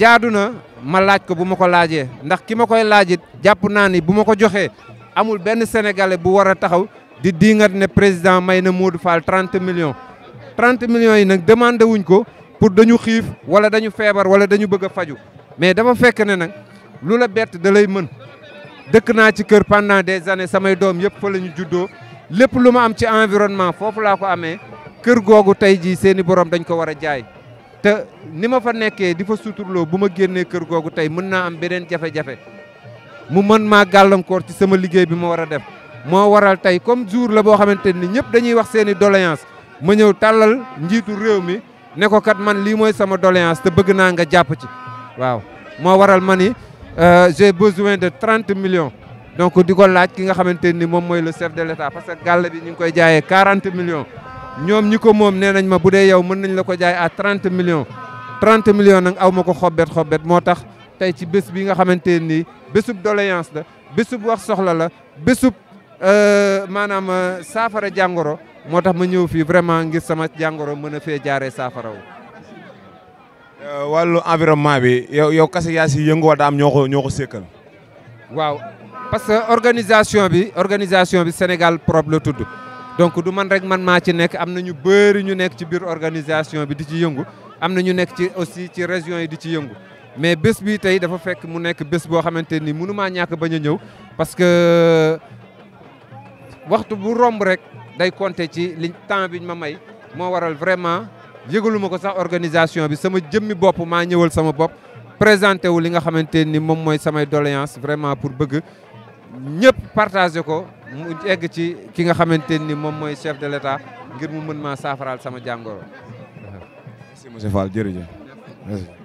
jaadu na ma laaj ko bu ma ko laajee ndax ki ma koy laajit jàpp naa ni bu ma ko joxee amul benn sénégalais bu war a taxaw di diingat ne président may na Modou Fall 30 millions 30 millions yi nag demandé wuñ ko pour dañu xiif wala dañu feebar wala dañu bëgg a faju mais dafa fekk ne nag lu la bett da lay mën dëkk naa ci kër pendant des années samay doom yëpp fa ñu juddoo lépp lu ma am ci environnement foofu laa ko amee kër googu tey jii seeni borom dañ ko war a jaay te ni ma fa nekkee di fa suturloo bu ma génnee kër googu tey mën naa am beneen jafejafe mu mën maa gàllankoor ci sama liggéey bi ma war a def moo waral tey comme jour la boo xamante ni ñëpp dañuy wax seen i doléance ma ñëw tàllal njiitu réew mi ne ko kat man lii mooy sama doléance te bëgg naa nga jàpp ci waaw moo waral ma ni euh, j'ai besoin de 30 millions donc di ko laaj ki nga xamante ni moom mooy le chef de l'État parce que gàll bi ñu ngi koy jaayee 40 millions ñoom ñi ko moom nee nañ ma bu dee yow mën nañ la ko jaay à 30 millions 30 million nag aw ma ko xobet xobet moo tax tey ci bés bi nga xamante nii bésub doléance la bésu bu wax soxla la bésub euh, maanaam euh, saafara jàngoro moo tax ma ñëw fii vraiment ngir sama jàngoro mën a fee jaaree saafara wu. Euh, wàllu environnement bi yow yow kase yaa si yëngu wala am ñoo ko ñoo ko sékkal. waaw parce que organisation bi organisation bi Sénégal propre la tudd. donc du man rek man maa ci nekk am na ñu bëri ñu nekk ci biir organisation bi di ci yëngu am na ñu nekk ci aussi ci régions yi di ci yëngu mais bés bi tey dafa fekk mu nekk bés boo xamante ni maa ñàkk bañ a ñëw parce que waxtu bu romb rek day compter ci li temps biñ ma may moo waral vraiment yëgalu ko sax organisation bi sama jëmmi bopp maa ñëwal sama bopp présenté wu li nga xamante ni moom mooy samay doléance vraiment pour bëgg ñëpp partagé ko mu egg ci ki nga xamante ni moom mooy chef de l'État ngir mu mën maa saafaraal sama jàngoro. merci monsieur